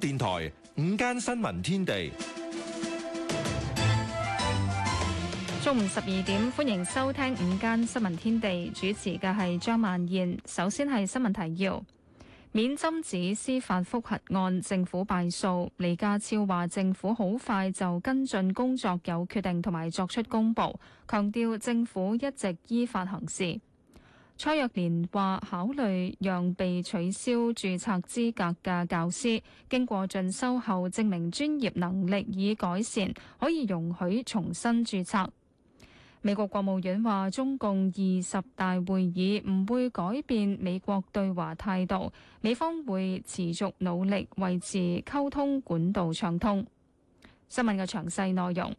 電台午間新聞天地，中午十二點，歡迎收聽午間新聞天地。主持嘅係張曼燕。首先係新聞提要：免針紙司法複核案，政府敗訴。李家超話，政府好快就跟進工作，有決定同埋作出公布，強調政府一直依法行事。蔡若蓮話：考慮讓被取消註冊資格嘅教師經過進修後，證明專業能力已改善，可以容許重新註冊。美國國務院話，中共二十大會議唔會改變美國對華態度，美方會持續努力維持溝通管道暢通。新聞嘅詳細內容。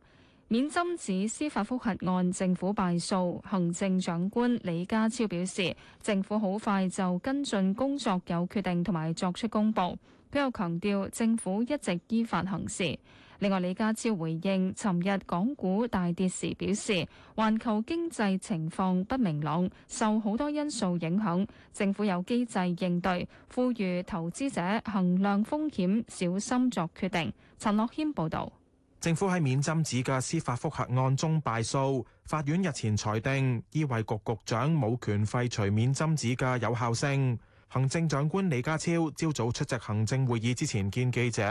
免針紙司法覆核案政府敗訴，行政長官李家超表示，政府好快就跟進工作有決定同埋作出公佈。佢又強調，政府一直依法行事。另外，李家超回應尋日港股大跌時表示，環球經濟情況不明朗，受好多因素影響，政府有機制應對，呼籲投資者衡量風險，小心作決定。陳樂軒報導。政府喺免針紙嘅司法覆核案中敗訴，法院日前裁定醫衞局局長冇權廢除免針紙嘅有效性。行政長官李家超朝早出席行政會議之前見記者，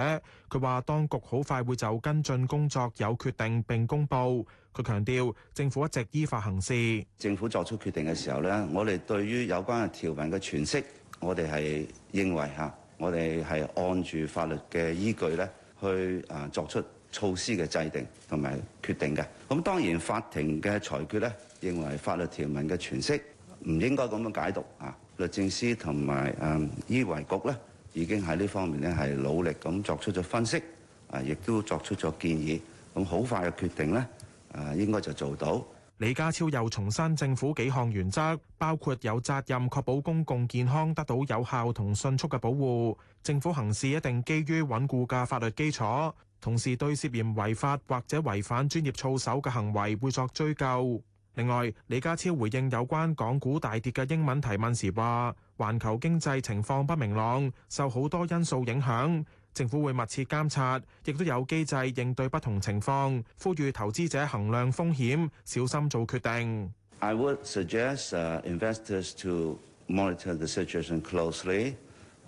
佢話：當局好快會就跟進工作有決定並公佈。佢強調，政府一直依法行事。政府作出決定嘅時候呢，我哋對於有關嘅條文嘅詮釋，我哋係認為嚇，我哋係按住法律嘅依據咧去誒作出。措施嘅制定同埋決定嘅咁，當然法庭嘅裁決咧，認為法律條文嘅詮釋唔應該咁樣解讀啊。律政司同埋誒醫衛局咧，已經喺呢方面咧係努力咁作出咗分析啊，亦都作出咗建議，咁好快嘅決定咧，啊，應該就做到。李家超又重申政府幾項原則，包括有責任確保公共健康得到有效同迅速嘅保護，政府行事一定基於穩固嘅法律基礎。同時對涉嫌違法或者違反專業操守嘅行為會作追究。另外，李家超回應有關港股大跌嘅英文提問時話，環球經濟情況不明朗，受好多因素影響，政府會密切監察，亦都有機制應對不同情況。呼籲投資者衡量風險，小心做決定。I would suggest investors to monitor the situation closely,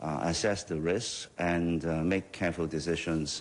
assess the risk and make careful decisions.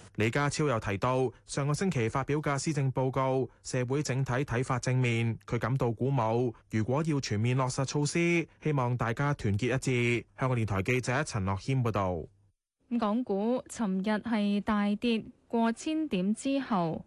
李家超又提到，上個星期發表嘅施政報告，社會整體睇法正面，佢感到鼓舞。如果要全面落實措施，希望大家團結一致。香港電台記者陳樂軒報導。咁港股尋日係大跌過千點之後，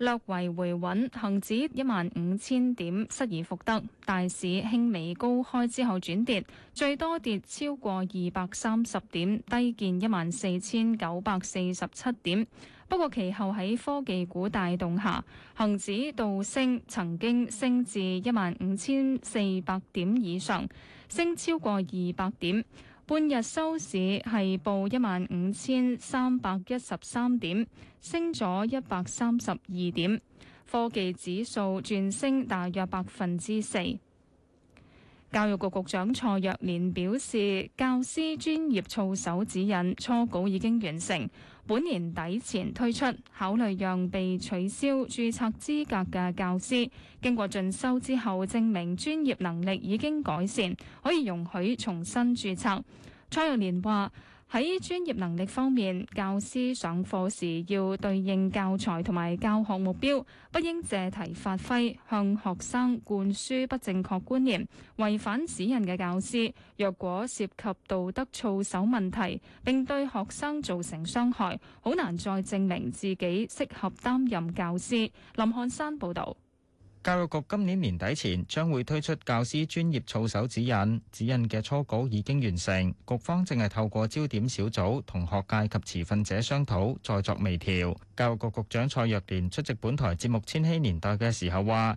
略為回穩，恒指一萬五千點失而復得，大市輕微高開之後轉跌，最多跌超過二百三十點，低見一萬四千九百四十七點。不過其後喺科技股帶動下，恒指倒升，曾經升至一萬五千四百點以上，升超過二百點。半日收市係報一萬五千三百一十三點，升咗一百三十二點。科技指數轉升大約百分之四。教育局局長蔡若蓮表示，教師專業操守指引初稿已經完成。本年底前推出，考慮讓被取消註冊資格嘅教師經過進修之後，證明專業能力已經改善，可以容許重新註冊。蔡若蓮話。喺專業能力方面，教師上課時要對應教材同埋教學目標，不應借題發揮，向學生灌輸不正確觀念。違反指引嘅教師，若果涉及道德操守問題，並對學生造成傷害，好難再證明自己適合擔任教師。林漢山報導。教育局今年年底前將會推出教師專業操守指引，指引嘅初稿已經完成，局方正係透過焦點小組、同學界及持份者商討，再作微調。教育局局長蔡若蓮出席本台節目《千禧年代》嘅時候話。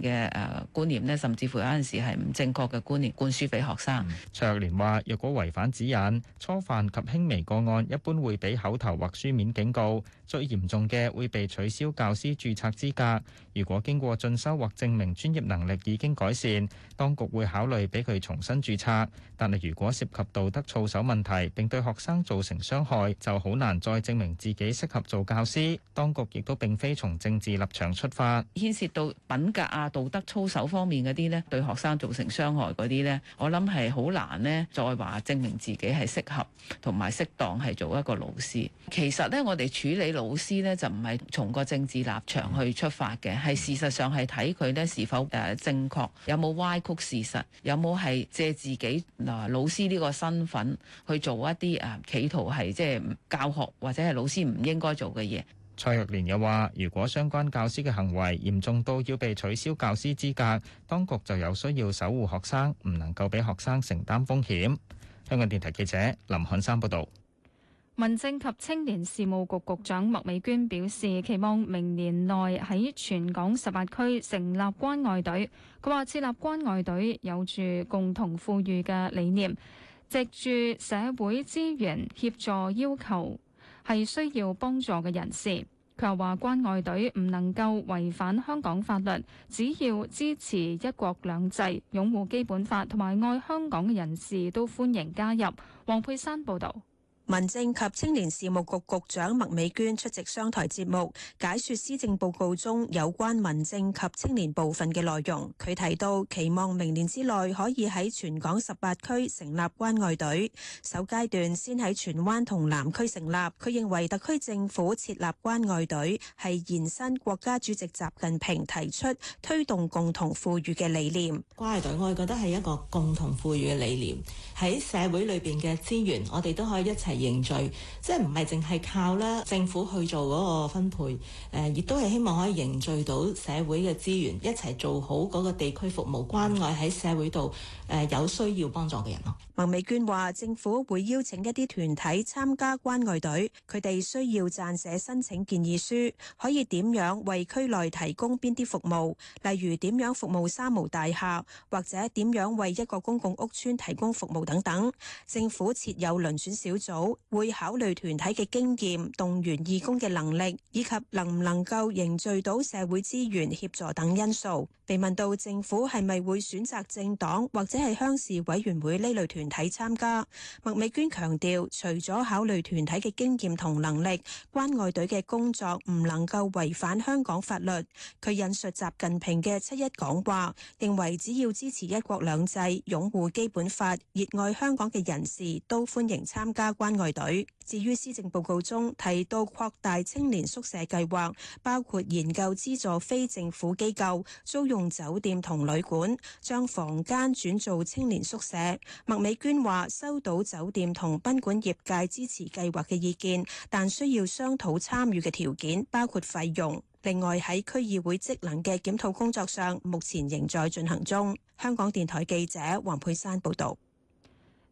嘅誒觀念呢，甚至乎有陣時係唔正確嘅觀念灌輸俾學生。卓玉蓮話：若果違反指引，初犯及輕微個案一般會俾口頭或書面警告；最嚴重嘅會被取消教師註冊資格。如果經過進修或證明專業能力已經改善，當局會考慮俾佢重新註冊。但係如果涉及道德操守問題，並對學生造成傷害，就好難再證明自己適合做教師。當局亦都並非從政治立場出發，牽涉到品格。啊！道德操守方面嗰啲呢，對學生造成傷害嗰啲呢，我諗係好難呢。再話證明自己係適合同埋適當係做一個老師。其實呢，我哋處理老師呢，就唔係從個政治立場去出發嘅，係事實上係睇佢呢是否誒正確，有冇歪曲事實，有冇係借自己嗱老師呢個身份去做一啲啊，企圖係即係教學或者係老師唔應該做嘅嘢。蔡玉蓮又話：如果相關教師嘅行為嚴重到要被取消教師資格，當局就有需要守護學生，唔能夠俾學生承擔風險。香港電台記者林漢山報道。民政及青年事務局局長麥美娟表示，期望明年內喺全港十八區成立關愛隊。佢話設立關愛隊有住共同富裕嘅理念，藉住社會資源協助要求。係需要幫助嘅人士，佢又話關愛隊唔能夠違反香港法律，只要支持一國兩制、擁護基本法同埋愛香港嘅人士都歡迎加入。黃佩珊報導。民政及青年事務局局長麥美娟出席商台節目，解說施政報告中有關民政及青年部分嘅內容。佢提到期望明年之內可以喺全港十八區成立關愛隊，首階段先喺荃灣同南區成立。佢認為特區政府設立關愛隊係延伸國家主席習近平提出推動共同富裕嘅理念。關愛隊，我哋覺得係一個共同富裕嘅理念，喺社會裏邊嘅資源，我哋都可以一齊凝聚，即係唔係淨係靠咧政府去做嗰個分配，誒，亦都係希望可以凝聚到社會嘅資源，一齊做好嗰個地區服務，關愛喺社會度誒有需要幫助嘅人咯。麥美娟話：政府會邀請一啲團體參加關愛隊，佢哋需要撰寫申請建議書，可以點樣為區內提供邊啲服務，例如點樣服務三無大廈，或者點樣為一個公共屋邨提供服務等等。政府設有遴選小組。會考慮團體嘅經驗、動員義工嘅能力，以及能唔能夠凝聚到社會資源協助等因素。被問到政府係咪會選擇政黨或者係鄉事委員會呢類團體參加，麥美娟強調，除咗考慮團體嘅經驗同能力，關愛隊嘅工作唔能夠違反香港法律。佢引述習近平嘅七一講話，認為只要支持一國兩制、擁護基本法、熱愛香港嘅人士都歡迎參加關外隊。至於施政報告中提到擴大青年宿舍計劃，包括研究資助非政府機構租用酒店同旅館，將房間轉做青年宿舍。麥美娟話：收到酒店同賓館業界支持計劃嘅意見，但需要商討參與嘅條件，包括費用。另外喺區議會職能嘅檢討工作上，目前仍在進行中。香港電台記者黃佩珊報道。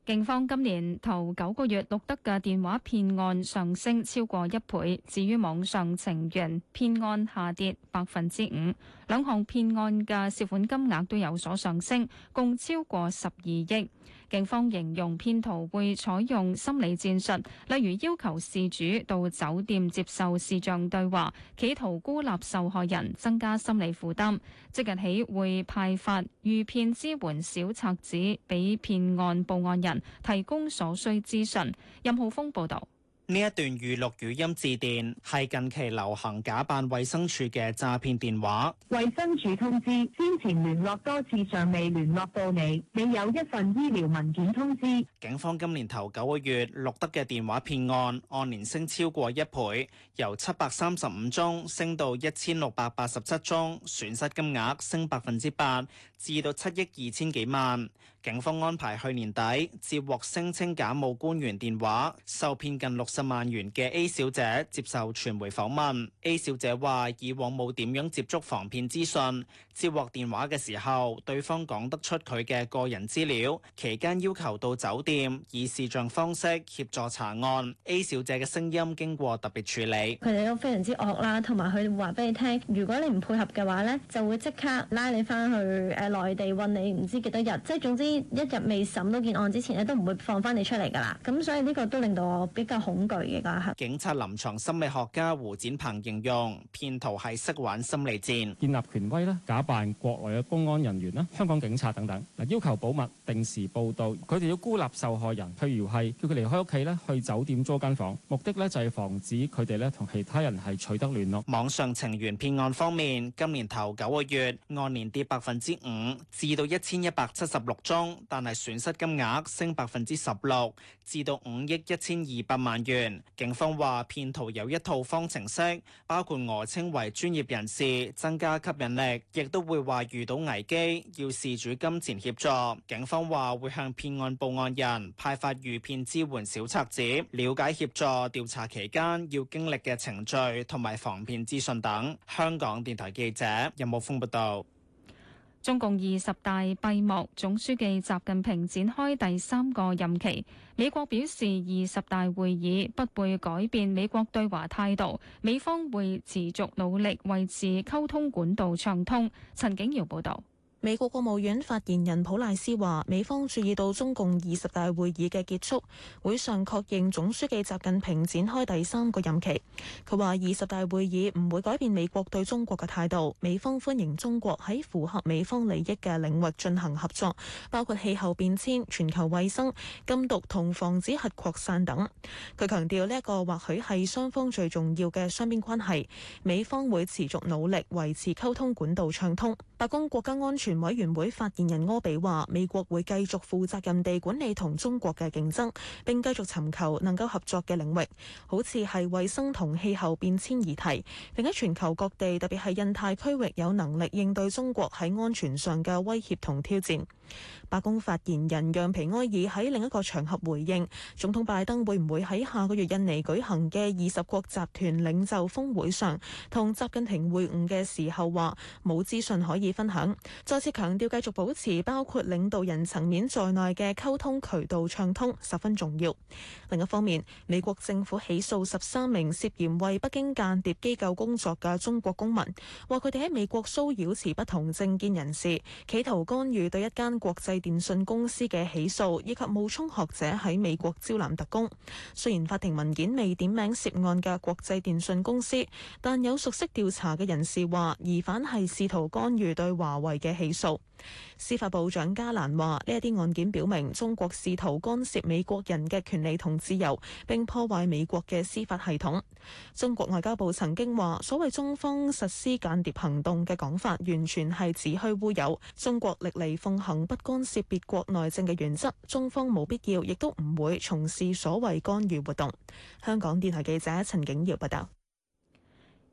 警方今年頭九個月錄得嘅電話騙案上升超過一倍，至於網上情緣騙案下跌百分之五，兩項騙案嘅涉款金額都有所上升，共超過十二億。警方形容騙徒會採用心理戰術，例如要求事主到酒店接受視像對話，企圖孤立受害人，增加心理負擔，即日起會派發預騙支援小冊子俾騙案報案人，提供所需資訊。任浩峰報道。呢一段預錄語音致電係近期流行假扮衛生署嘅詐騙電話。衛生署通知之前聯絡多次，尚未聯絡到你。你有一份醫療文件通知。警方今年頭九個月錄得嘅電話騙案按年升超過一倍，由七百三十五宗升到一千六百八十七宗，損失金額升百分之八，至到七億二千幾萬。警方安排去年底接獲聲稱假冒官員電話受騙近六十萬元嘅 A 小姐接受傳媒訪問。A 小姐話以往冇點樣接觸防騙資訊，接獲電話嘅時候，對方講得出佢嘅個人資料，期間要求到酒店以視像方式協助查案。A 小姐嘅聲音經過特別處理，佢哋都非常之惡啦，同埋佢哋話俾你聽，如果你唔配合嘅話呢，就會即刻拉你翻去，誒，內地運你唔知幾多日，即係總之，一日未審到件案之前咧，都唔會放翻你出嚟噶啦。咁所以呢個都令到我比較恐懼嘅家吓。警察臨床心理學家胡展鵬形容騙徒係識玩心理戰，建立權威啦，假扮國內嘅公安人員啦、香港警察等等。嗱，要求保密、定時報道，佢哋要孤立受害人，譬如係叫佢離開屋企咧，去酒店租間房，目的咧就係防止佢哋咧同其他人係取得聯絡。網上情緣騙案方面，今年頭九個月按年跌百分之五，至到一千一百七十六宗。但係損失金額升百分之十六，至到五億一千二百萬元。警方話，騙徒有一套方程式，包括訛稱為專業人士，增加吸引力，亦都會話遇到危機要事主金錢協助。警方話會向騙案報案人派發遇騙支援小冊子，了解協助調查期間要經歷嘅程序同埋防騙資訊等。香港電台記者任慕峰報道。有中共二十大閉幕，總書記習近平展開第三個任期。美國表示，二十大會議不會改變美國對華態度，美方會持續努力維持溝通管道暢通。陳景瑤報道。美國國務院發言人普賴斯話：美方注意到中共二十大會議嘅結束，會上確認總書記習近平展開第三個任期。佢話：二十大會議唔會改變美國對中國嘅態度，美方歡迎中國喺符合美方利益嘅領域進行合作，包括氣候變遷、全球衛生、禁毒同防止核擴散等。佢強調呢一個或許係雙方最重要嘅雙邊關係，美方會持續努力維持溝通管道暢通。白宮國家安全委員會發言人柯比話：美國會繼續負責任地管理同中國嘅競爭，並繼續尋求能夠合作嘅領域，好似係衛生同氣候變遷議題。並喺全球各地，特別係印太區域，有能力應對中國喺安全上嘅威脅同挑戰。白宮發言人讓皮埃爾喺另一個場合回應：總統拜登會唔會喺下個月印尼舉行嘅二十國集團領袖峰會上同習近平會晤嘅時候，話冇資訊可以分享，再次強調繼續保持包括領導人層面在內嘅溝通渠道暢通十分重要。另一方面，美國政府起訴十三名涉嫌為北京間諜機構工作嘅中國公民，話佢哋喺美國騷擾持不同政見人士，企圖干預對一間國際電訊公司嘅起訴以及冒充學者喺美國招攬特工。雖然法庭文件未點名涉案嘅國際電訊公司，但有熟悉調查嘅人士話疑犯係試圖干預。對華為嘅起訴，司法部長加蘭話呢一啲案件表明，中國試圖干涉美國人嘅權利同自由，並破壞美國嘅司法系統。中國外交部曾經話，所謂中方實施間諜行動嘅講法，完全係子虛烏有。中國歷嚟奉行不干涉別國內政嘅原則，中方冇必要，亦都唔會從事所謂干預活動。香港電台記者陳景瑤報道。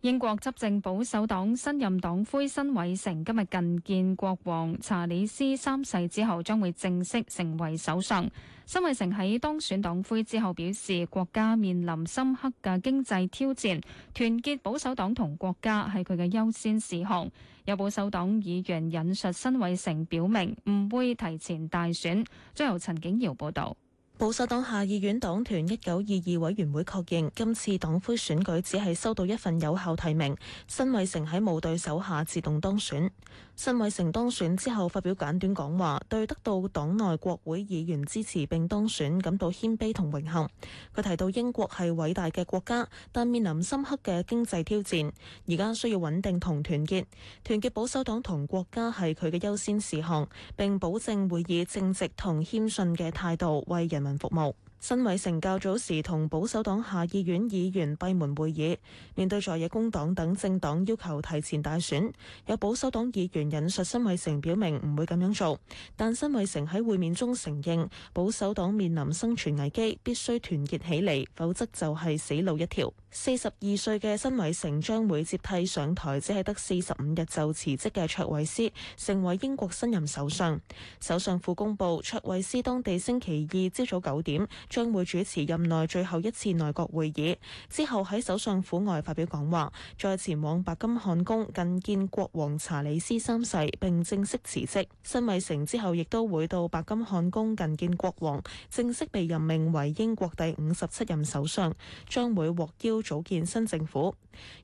英國執政保守黨新任黨魁辛偉成今日覲見國王查理斯三世之後，將會正式成為首相。辛偉成喺當選黨魁之後表示，國家面臨深刻嘅經濟挑戰，團結保守黨同國家係佢嘅優先事項。有保守黨議員引述辛偉成，表明唔會提前大選。將由陳景堯報道。保守黨下議院黨團一九二二委員會確認今次黨魁選舉只係收到一份有效提名，辛偉誠喺冇對手下自動當選。辛偉誠當選之後發表簡短講話，對得到黨內國會議員支持並當選感到謙卑同榮幸。佢提到英國係偉大嘅國家，但面臨深刻嘅經濟挑戰，而家需要穩定同團結。團結保守黨同國家係佢嘅優先事項，並保證會以正直同謙遜嘅態度為人民服務，辛偉誠較早時同保守黨下議院議員閉門會議，面對在野工黨等政黨要求提前大選，有保守黨議員引述辛偉誠表明唔會咁樣做，但辛偉誠喺會面中承認保守黨面臨生存危機，必須團結起嚟，否則就係死路一條。四十二歲嘅辛偉誠將會接替上台只係得四十五日就辭職嘅卓慧思，成為英國新任首相。首相府公佈，卓慧思當地星期二朝早九點將會主持任內最後一次內閣會議，之後喺首相府外發表講話，再前往白金漢宮覲見國王查理斯三世，並正式辭職。辛偉誠之後亦都會到白金漢宮覲見國王，正式被任命為英國第五十七任首相，將會獲邀都組建新政府，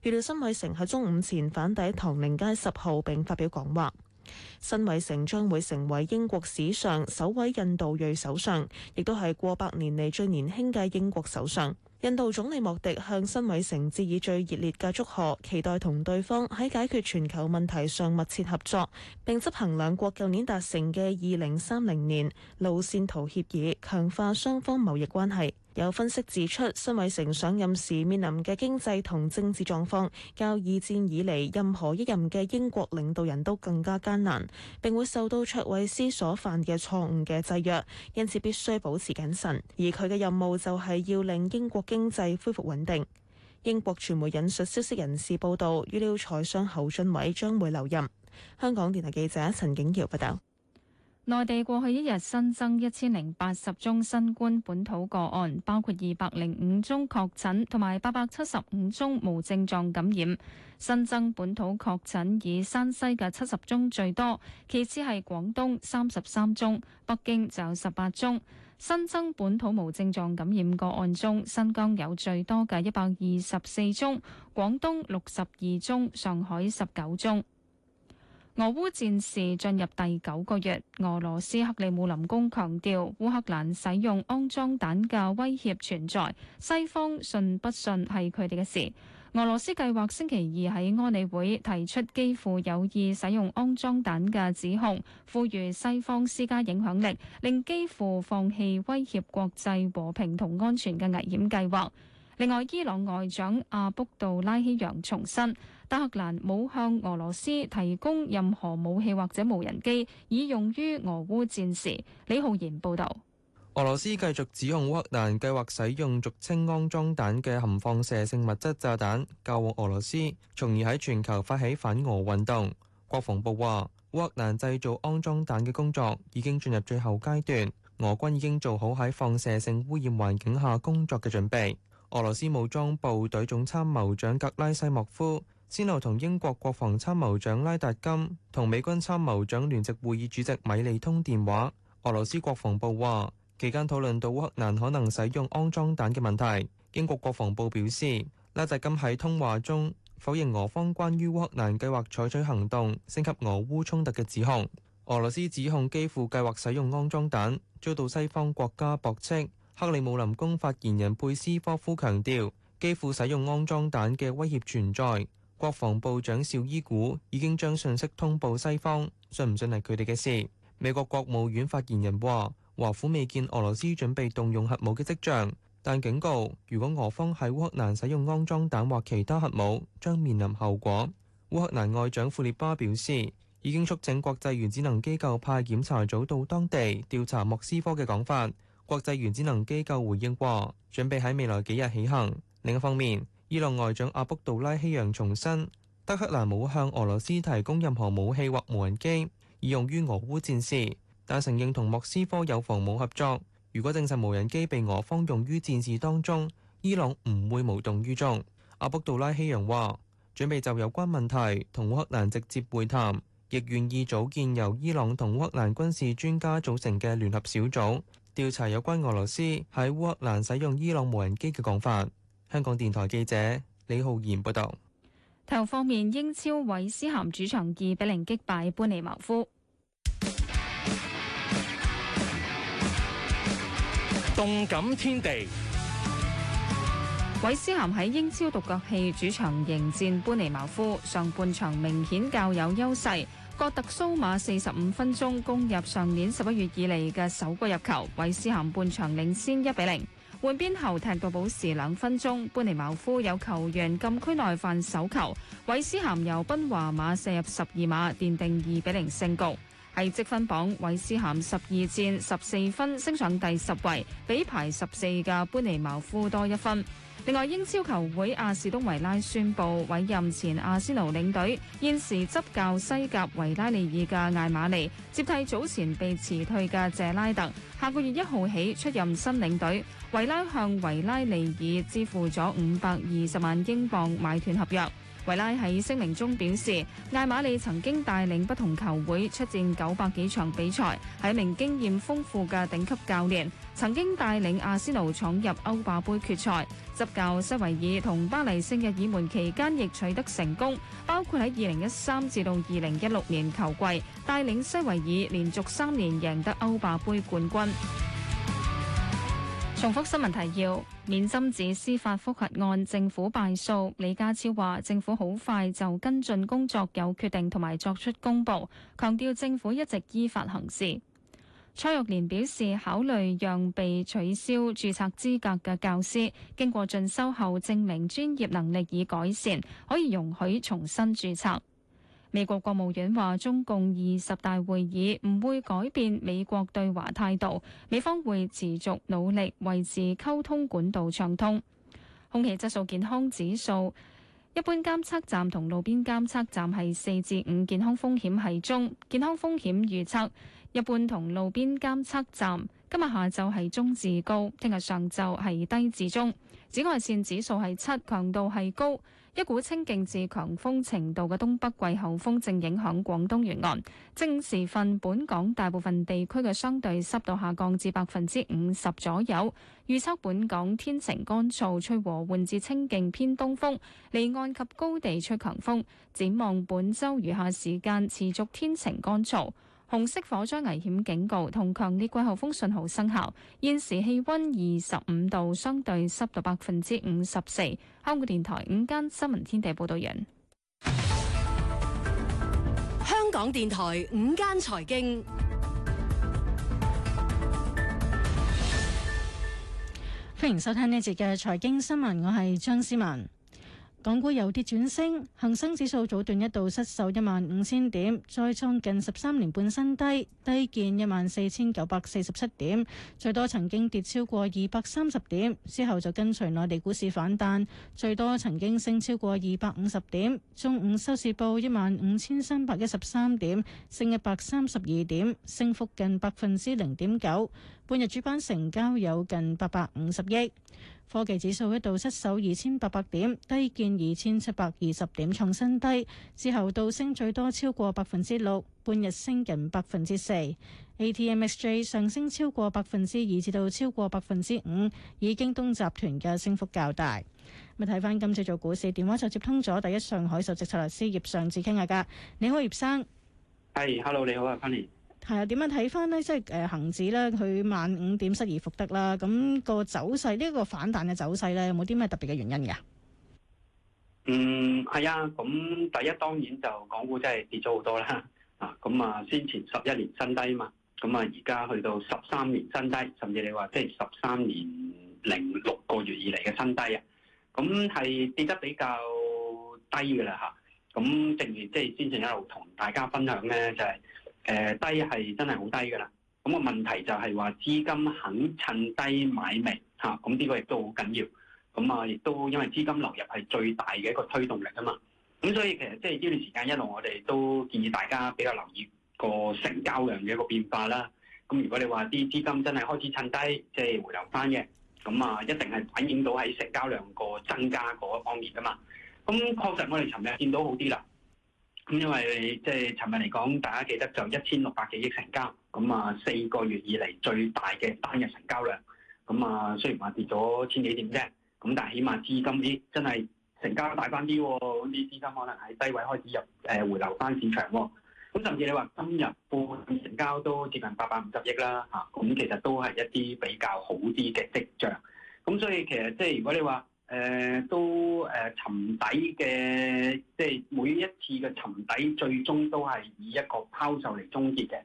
預料辛偉誠喺中午前返抵唐寧街十號，並發表講話。辛偉誠將會成為英國史上首位印度裔首相，亦都係過百年嚟最年輕嘅英國首相。印度總理莫迪向辛偉誠致以最熱烈嘅祝賀，期待同對方喺解決全球問題上密切合作，並執行兩國舊年達成嘅二零三零年路線圖協議，強化雙方貿易關係。有分析指出，辛偉誠上任時面臨嘅經濟同政治狀況較二戰以嚟任何一任嘅英國領導人都更加艱難，並會受到卓慧思所犯嘅錯誤嘅制約，因此必須保持謹慎。而佢嘅任務就係要令英國經濟恢復穩定。英國傳媒引述消息人士報道，預料財相侯俊偉將會留任。香港電台記者陳景喬報導。拜拜。內地過去一日新增一千零八十宗新冠本土個案，包括二百零五宗確診同埋八百七十五宗無症狀感染。新增本土確診以山西嘅七十宗最多，其次係廣東三十三宗，北京就有十八宗。新增本土無症狀感染個案中，新疆有最多嘅一百二十四宗，廣東六十二宗，上海十九宗。俄烏戰事進入第九個月，俄羅斯克里姆林宮強調烏克蘭使用安裝彈嘅威脅存在，西方信不信係佢哋嘅事。俄羅斯計劃星期二喺安理會提出基輔有意使用安裝彈嘅指控，賦予西方施加影響力，令基輔放棄威脅國際和平同安全嘅危險計劃。另外，伊朗外長阿卜杜拉希揚重申，德黑蘭冇向俄羅斯提供任何武器或者無人機以用於俄烏戰事。李浩然報道。俄羅斯繼續指控烏克蘭計劃使用俗稱安裝彈嘅含放射性物質炸彈救援俄羅斯，從而喺全球發起反俄運動。國防部話烏克蘭製造安裝彈嘅工作已經進入最後階段，俄軍已經做好喺放射性污染環境下工作嘅準備，俄羅斯武裝部隊總參謀長格拉西莫夫。先後同英國國防參謀長拉達金同美軍參謀長聯席會議主席米利通電話。俄羅斯國防部話，期間討論到烏克蘭可能使用骯髒彈嘅問題。英國國防部表示，拉達金喺通話中否認俄方關於烏克蘭計劃採取行動、升級俄烏衝突嘅指控。俄羅斯指控基輔計劃使用骯髒彈，遭到西方國家駁斥。克里姆林宮發言人佩斯科夫強調，基輔使用骯髒彈嘅威脅存在。國防部長紹伊古已經將信息通報西方，信唔信係佢哋嘅事。美國國務院發言人話：華府未見俄羅斯準備動用核武嘅跡象，但警告如果俄方喺烏克蘭使用骯髒彈或其他核武，將面臨後果。烏克蘭外長庫列巴表示，已經促請國際原子能機構派檢查組到當地調查莫斯科嘅講法。國際原子能機構回應話，準備喺未來幾日起行。另一方面。伊朗外長阿卜杜拉希揚重申，德黑蘭冇向俄羅斯提供任何武器或無人機，以用於俄烏戰事，但承認同莫斯科有防務合作。如果證實無人機被俄方用於戰事當中，伊朗唔會無動於衷。阿卜杜拉希揚話，準備就有關問題同烏克蘭直接會談，亦願意組建由伊朗同烏克蘭軍事專家組成嘅聯合小組，調查有關俄羅斯喺烏克蘭使用伊朗無人機嘅講法。香港電台記者李浩然報道。體育方面，英超韋斯咸主場二比零擊敗般尼茅夫。動感天地。韋斯咸喺英超獨角戲主場迎戰般尼茅夫，上半場明顯較有優勢。戈特蘇馬四十五分鐘攻入上年十一月以嚟嘅首個入球，韋斯咸半場領先一比零。換邊後踢到補時兩分鐘，般尼茅夫有球員禁區內犯手球，韋斯咸由賓華馬射入十二碼，奠定二比零勝局。係積分榜，韋斯咸十二戰十四分，升上第十位，比排十四嘅般尼茅夫多一分。另外，英超球會阿士東維拉宣佈委任前阿仙奴領隊、現時執教西甲維拉利爾嘅艾瑪尼接替早前被辭退嘅謝拉特，下個月一號起出任新領隊。維拉向維拉利爾支付咗五百二十萬英鎊買斷合約。維拉喺聲明中表示，艾馬利曾經帶領不同球會出戰九百幾場比賽，係一名經驗豐富嘅頂級教練，曾經帶領阿仙奴闖入歐霸杯決賽，執教西維爾同巴黎聖日耳門期間亦取得成功，包括喺二零一三至到二零一六年球季，帶領西維爾連續三年贏得歐霸杯冠軍。重複新聞提要：免針紙司法複核案政府敗訴，李家超話政府好快就跟進工作，有決定同埋作出公布，強調政府一直依法行事。蔡若蓮表示，考慮讓被取消註冊資格嘅教師經過進修後，證明專業能力已改善，可以容許重新註冊。美國國務院話，中共二十大會議唔會改變美國對華態度，美方會持續努力維持溝通管道暢通。空氣質素健康指數，一般監測站同路邊監測站係四至五，健康風險係中。健康風險預測，一般同路邊監測站今日下晝係中至高，聽日上晝係低至中。紫外線指數係七，強度係高。一股清勁至強風程度嘅東北季候風正影響廣東沿岸，正時分本港大部分地區嘅相對濕度下降至百分之五十左右。預測本港天晴乾燥，吹和緩至清勁偏東風，離岸及高地吹強風。展望本週餘下時間持續天晴乾燥。紅色火災危險警告同強烈季候風信號生效。現時氣溫二十五度，相對濕度百分之五十四。香港電台午間新聞天地報道完。香港電台午間財經。歡迎收聽呢節嘅財經新聞，我係張思文。港股由跌轉升，恒生指數早段一度失守一萬五千點，再創近十三年半新低，低見一萬四千九百四十七點，最多曾經跌超過二百三十點，之後就跟隨內地股市反彈，最多曾經升超過二百五十點。中午收市報一萬五千三百一十三點，升一百三十二點，升幅近百分之零點九。半日主板成交有近八百五十億。科技指數一度失守二千八百點，低見二千七百二十點，創新低，之後倒升最多超過百分之六，半日升近百分之四。ATM XJ 上升超過百分之二至到超過百分之五，以京東集團嘅升幅較大。咁睇翻今次做股市電話就接通咗第一上海首席策略師葉尚志傾下噶。你好葉生，係、hey，hello，你好啊。係啊，點樣睇翻咧？即係誒，恆、呃、指咧，佢萬五點失而復得啦。咁、那個走勢呢、這個反彈嘅走勢咧，有冇啲咩特別嘅原因嘅？嗯，係啊。咁第一當然就港股真係跌咗好多啦。啊，咁啊，先前十一年新低嘛，咁啊而家去到十三年新低，甚至你話即係十三年零六個月以嚟嘅新低啊。咁係跌得比較低嘅啦嚇。咁、啊、正如即係、就是、先前一路同大家分享咧，就係、是。誒，低係真係好低噶啦，咁個問題就係話資金肯趁低買未吓，咁呢個亦都好緊要，咁啊亦都因為資金流入係最大嘅一個推動力啊嘛，咁所以其實即係呢段時間一路我哋都建議大家比較留意個成交量嘅一個變化啦，咁如果你話啲資金真係開始趁低即係、就是、回流翻嘅，咁啊一定係反映到喺成交量個增加嗰方面啊嘛，咁確實我哋尋日見到好啲啦。咁因為即係尋日嚟講，大家記得就一千六百幾億成交，咁啊四個月以嚟最大嘅單日成交量，咁啊雖然話跌咗千幾點啫，咁但係起碼資金啲真係成交大翻啲，啲資金可能喺低位開始入誒回流翻市場喎。咁甚至你話今日半成交都接近八百五十億啦，吓咁其實都係一啲比較好啲嘅跡象。咁所以其實即係如果你話，誒、呃，都誒、呃，沉底嘅，即係每一次嘅沉底，最終都係以一個拋售嚟終結嘅。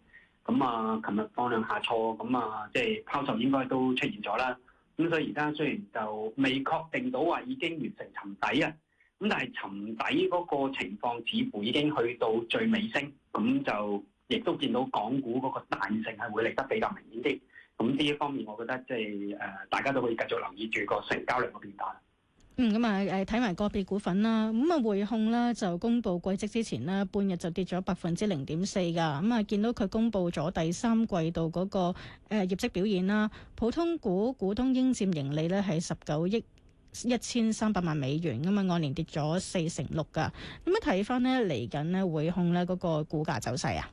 咁啊，琴日放量下挫，咁啊，即係拋售應該都出現咗啦。咁所以而家雖然就未確定到話已經完成沉底啊，咁但係沉底嗰個情況似乎已經去到最尾聲，咁就亦都見到港股嗰個彈性係會嚟得比較明顯啲。咁呢一方面，我覺得即係誒、呃，大家都可以繼續留意住個成交量嘅變化。嗯，咁、嗯、啊，誒，睇埋個別股份啦，咁啊，匯控咧就公布季績之前咧，半日就跌咗百分之零點四噶，咁啊、嗯，見到佢公布咗第三季度嗰、那個誒、呃、業績表現啦，普通股股東應占盈利咧係十九億一千三百萬美元，咁、嗯、啊，按年跌咗四成六噶，咁樣睇翻咧嚟緊咧匯控咧嗰個股價走勢啊？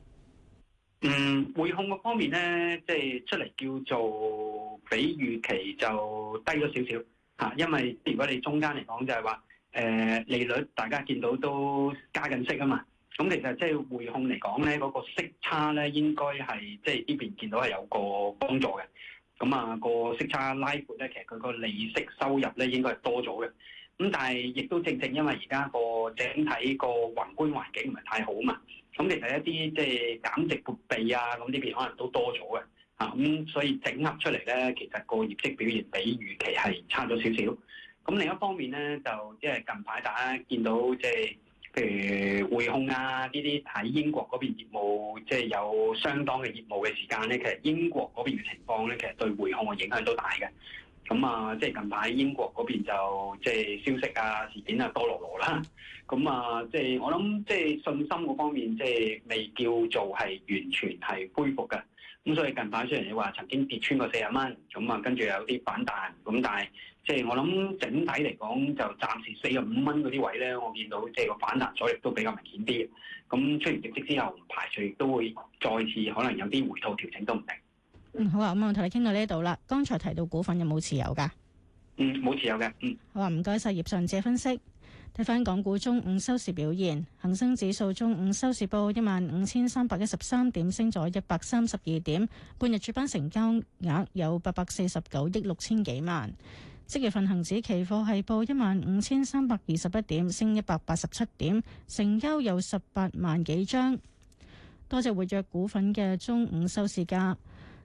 嗯，匯控嗰方面咧，即、就、係、是、出嚟叫做比預期就低咗少少。嚇，因為如果你中間嚟講就係話，誒利率大家見到都加緊息啊嘛，咁其實即係匯控嚟講咧，嗰個息差咧應該係即係呢邊見到係有個幫助嘅，咁啊個息差拉闊咧，其實佢個利息收入咧應該係多咗嘅，咁但係亦都正正因為而家個整體個宏觀環境唔係太好啊嘛，咁其實一啲即係減值撥備啊，咁呢邊可能都多咗嘅。啊，咁所以整合出嚟咧，其實個業績表現比預期係差咗少少。咁另一方面咧，就即係近排大家見到即係譬如匯控啊，呢啲喺英國嗰邊業務，即係有相當嘅業務嘅時間咧，其實英國嗰邊嘅情況咧，其實對匯控嘅影響都大嘅。咁啊，即係近排英國嗰邊就即係消息啊、事件啊多羅羅啦。咁啊，即係我諗即係信心嗰方面，即係未叫做係完全係恢復嘅。咁、嗯、所以近排雖然你話曾經跌穿過四十蚊，咁啊，跟住有啲反彈，咁但係即係我諗整體嚟講，就暫時四十五蚊嗰啲位咧，我見到即係個反彈阻力都比較明顯啲。咁、嗯、出完業績之後，唔排除都會再次可能有啲回吐調整都唔定。嗯，好啊，咁、嗯、我同你傾到呢度啦。剛才提到股份有冇持有噶、嗯？嗯，冇持有嘅。嗯。好啊，唔該晒葉小姐分析。睇返港股中午收市表現，恒生指數中午收市報一萬五千三百一十三點，升咗一百三十二點。半日主板成交額有八百四十九億六千幾萬。即月份恒指期貨係報一萬五千三百二十一點，升一百八十七點，成交有十八萬幾張。多隻活躍股份嘅中午收市價，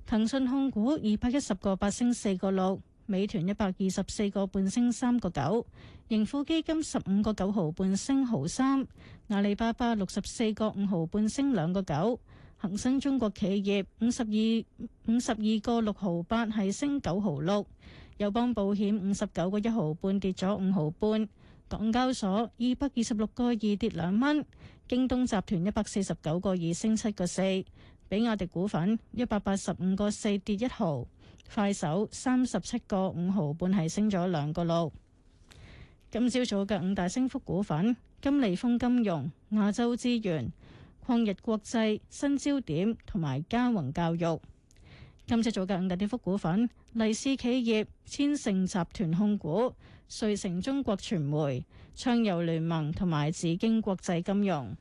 騰訊控股二百一十個八，升四個六。美團一百二十四個半升三個九。盈富基金十五個九毫半升毫三。阿里巴巴六十四個五毫半升兩個九。恒生中國企業五十二五十二個六毫八係升九毫六。友邦保險五十九個一毫半跌咗五毫半。港交所二百二十六個二跌兩蚊。京東集團一百四十九個二升七個四。比亞迪股份一百八十五個四跌一毫。快手三十七個五毫半係升咗兩個六。今朝早嘅五大升幅股份：金利豐金融、亞洲資源、曠日國際、新焦點同埋嘉宏教育。今朝早嘅五大跌幅股份：利是企業、千盛集團控股、瑞誠中國傳媒、暢遊聯盟同埋紫荊國際金融。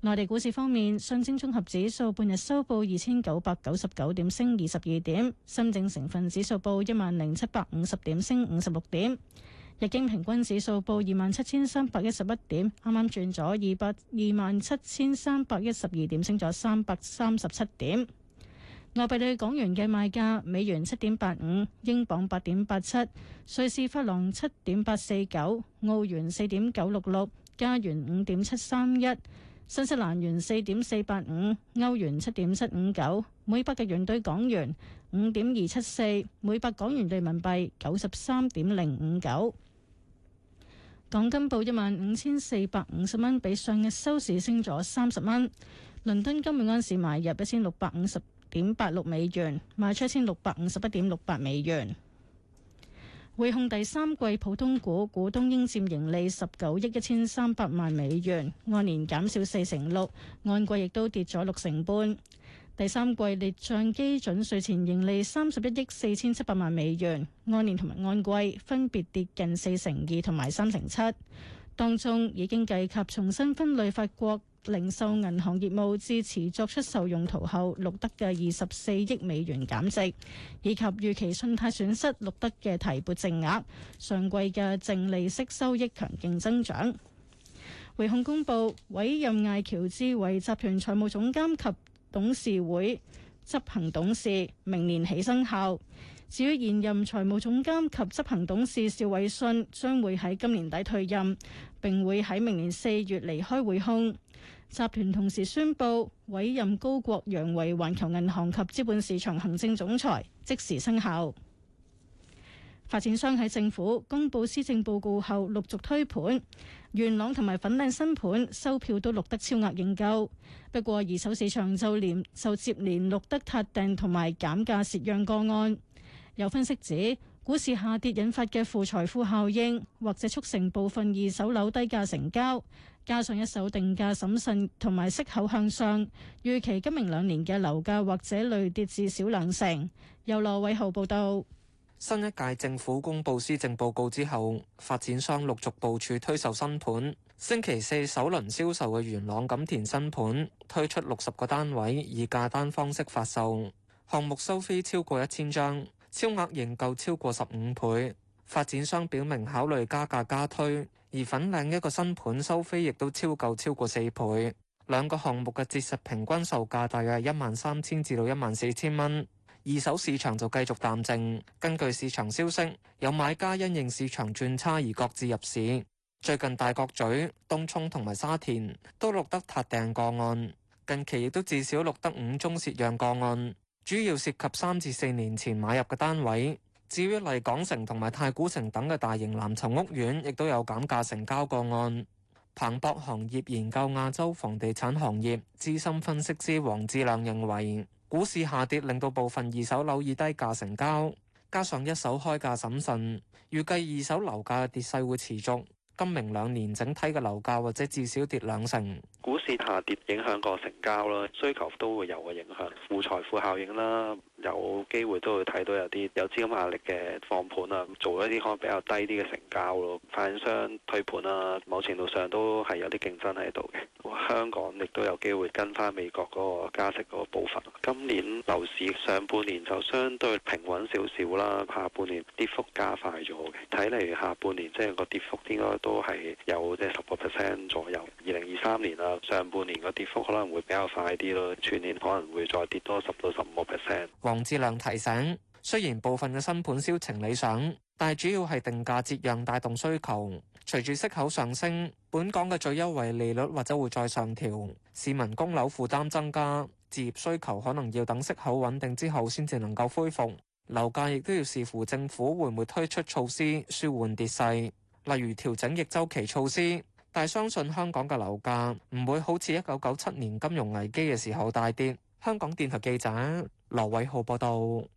內地股市方面，上證綜合指數半日收報二千九百九十九點，升二十二點；深圳成分指數報一萬零七百五十點，升五十六點；日經平均指數報二萬七千三百一十一點，啱啱轉咗二百二萬七千三百一十二點，升咗三百三十七點。外幣對港元嘅賣價：美元七點八五，英鎊八點八七，瑞士法郎七點八四九，澳元四點九六六，加元五點七三一。新西蘭元四點四八五，歐元七點七五九，每百嘅元兌港元五點二七四，每百港元兌人民幣九十三點零五九。港金報一萬五千四百五十蚊，比上日收市升咗三十蚊。倫敦金每盎司買入一千六百五十點八六美元，賣出一千六百五十一點六八美元。匯控第三季普通股股東應佔盈利十九億一千三百萬美元，按年減少四成六，按季亦都跌咗六成半。第三季列賬基準稅前盈利三十一億四千七百萬美元，按年同埋按季分別跌近四成二同埋三成七，當中已經計及重新分類法國。零售銀行業務自持作出售用途後錄得嘅二十四億美元減值，以及預期信貸損失錄得嘅提撥淨額，上季嘅淨利息收益強勁增長。匯控公布委任艾橋智為集團財務總監及董事會執行董事，明年起生效。至於現任財務總監及執行董事邵偉信將會喺今年底退任，並會喺明年四月離開匯控集團。同時宣布委任高國揚為環球銀行及資本市場行政總裁，即時生效。發展商喺政府公布施政報告後陸續推盤，元朗同埋粉嶺新盤收票都錄得超額認購，不過二手市場就連就接連錄得撻訂同埋減價蝕讓個案。有分析指，股市下跌引發嘅負財富效應，或者促成部分二手樓低價成交，加上一手定價審慎同埋息口向上，預期今明兩年嘅樓價或者累跌至少兩成。由羅偉豪報道。新一屆政府公布施政報告之後，發展商陸續部署推售新盤，星期四首輪銷售嘅元朗錦田新盤推出六十個單位，以價單方式發售，項目收飛超過一千張。超額認購超過十五倍，發展商表明考慮加價加推，而粉嶺一個新盤收飛亦都超購超過四倍。兩個項目嘅折實平均售價大約一萬三千至到一萬四千蚊。二手市場就繼續淡靜，根據市場消息，有買家因應市場轉差而各自入市。最近大角咀、東涌同埋沙田都錄得撻訂個案，近期亦都至少錄得五宗蝕讓個案。主要涉及三至四年前買入嘅單位。至於麗港城同埋太古城等嘅大型藍籌屋苑，亦都有減價成交個案。彭博行業研究亞洲房地產行業資深分析師黃志亮認為，股市下跌令到部分二手樓以低價成交，加上一手開價審慎，預計二手樓價嘅跌勢會持續。今明兩年整體嘅樓價或者至少跌兩成。股市下跌影響個成交啦，需求都會有個影響，負財富效應啦，有機會都會睇到有啲有資金壓力嘅放盤啊，做一啲可能比較低啲嘅成交咯，發展商推盤啊，某程度上都係有啲競爭喺度嘅。香港亦都有機會跟翻美國嗰個加息嗰個步伐。今年樓市上半年就相對平穩少少啦，下半年跌幅加快咗嘅，睇嚟下半年即係個跌幅應該都係有即係十個 percent 左右。二零二三年啊～上半年個跌幅可能會比較快啲咯，全年可能會再跌多十到十五個 percent。黃志亮提醒：雖然部分嘅新盤銷情理想，但係主要係定價折讓帶動需求。隨住息口上升，本港嘅最優惠利率或者會再上調，市民供樓負擔增加，置業需求可能要等息口穩定之後先至能夠恢復。樓價亦都要視乎政府會唔會推出措施舒緩跌勢，例如調整逆週期措施。但相信香港嘅樓價唔會好似一九九七年金融危機嘅時候大跌。香港電台記者羅偉浩報道。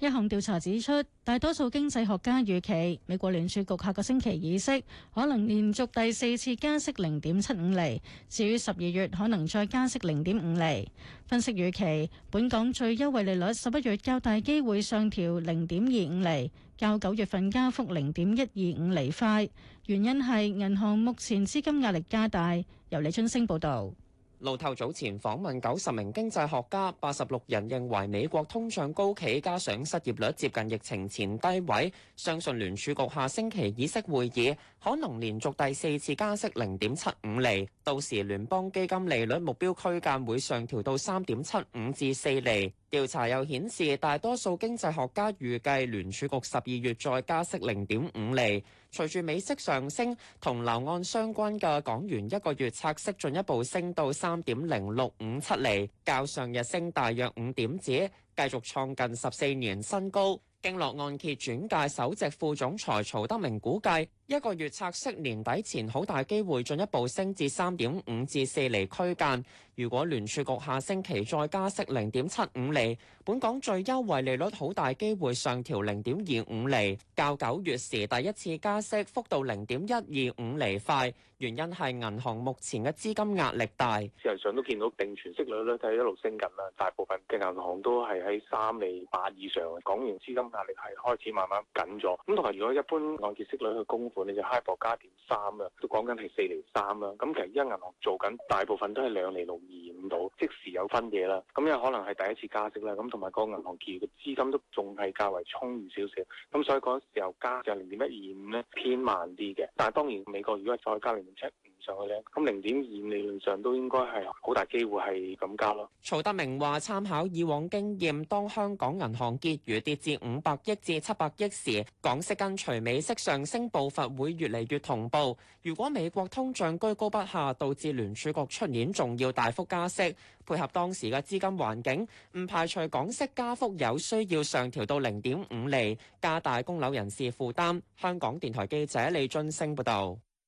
一項調查指出，大多數經濟學家預期美國聯儲局下個星期議息可能連續第四次加息零點七五厘，至於十二月可能再加息零點五厘。分析預期，本港最優惠利率十一月較大機會上調零點二五厘，較九月份加幅零點一二五厘快。原因係銀行目前資金壓力加大。由李春生報道。路透早前訪問九十名經濟學家，八十六人認為美國通脹高企，加上失業率接近疫情前低位，相信聯儲局下星期議息會議可能連續第四次加息零點七五厘。到時聯邦基金利率目標區間會上調到三點七五至四厘。調查又顯示，大多數經濟學家預計聯儲局十二月再加息零點五厘。隨住美息上升，同樓按相關嘅港元一個月拆息進一步升到三點零六五七厘，較上日升大約五點子，繼續創近十四年新高。經絡按揭轉介首席副總裁曹德明估計。一個月拆息年底前好大機會進一步升至三點五至四厘區間。如果聯儲局下星期再加息零點七五厘，本港最優惠利率好大機會上調零點二五厘，較九月時第一次加息幅度零點一二五厘快。原因係銀行目前嘅資金壓力大。事實上都見到定存息率咧都係一路升緊啦，大部分嘅銀行都係喺三厘八以上。港元資金壓力係開始慢慢緊咗。咁同埋如果一般按揭息率嘅供你就 Hibor 加點三嘅，都講緊係四厘三啦。咁其實依家銀行做緊大部分都係兩厘六二五到，即時有分嘢啦。咁有可能係第一次加息啦。咁同埋個銀行餘嘅資金都仲係較為充裕少少。咁所以嗰時候加就零點一二五咧偏慢啲嘅。但係當然美國如果再加零點七。上嘅咧，咁零點二五理論上都應該係好大機會係咁加咯。曹德明話：參考以往經驗，當香港銀行結餘跌至五百億至七百億時，港息跟隨美息上升步伐會越嚟越同步。如果美國通脹居高不下，導致聯儲局出年仲要大幅加息，配合當時嘅資金環境，唔排除港息加幅有需要上調到零點五厘，加大供樓人士負擔。香港電台記者李俊升報導。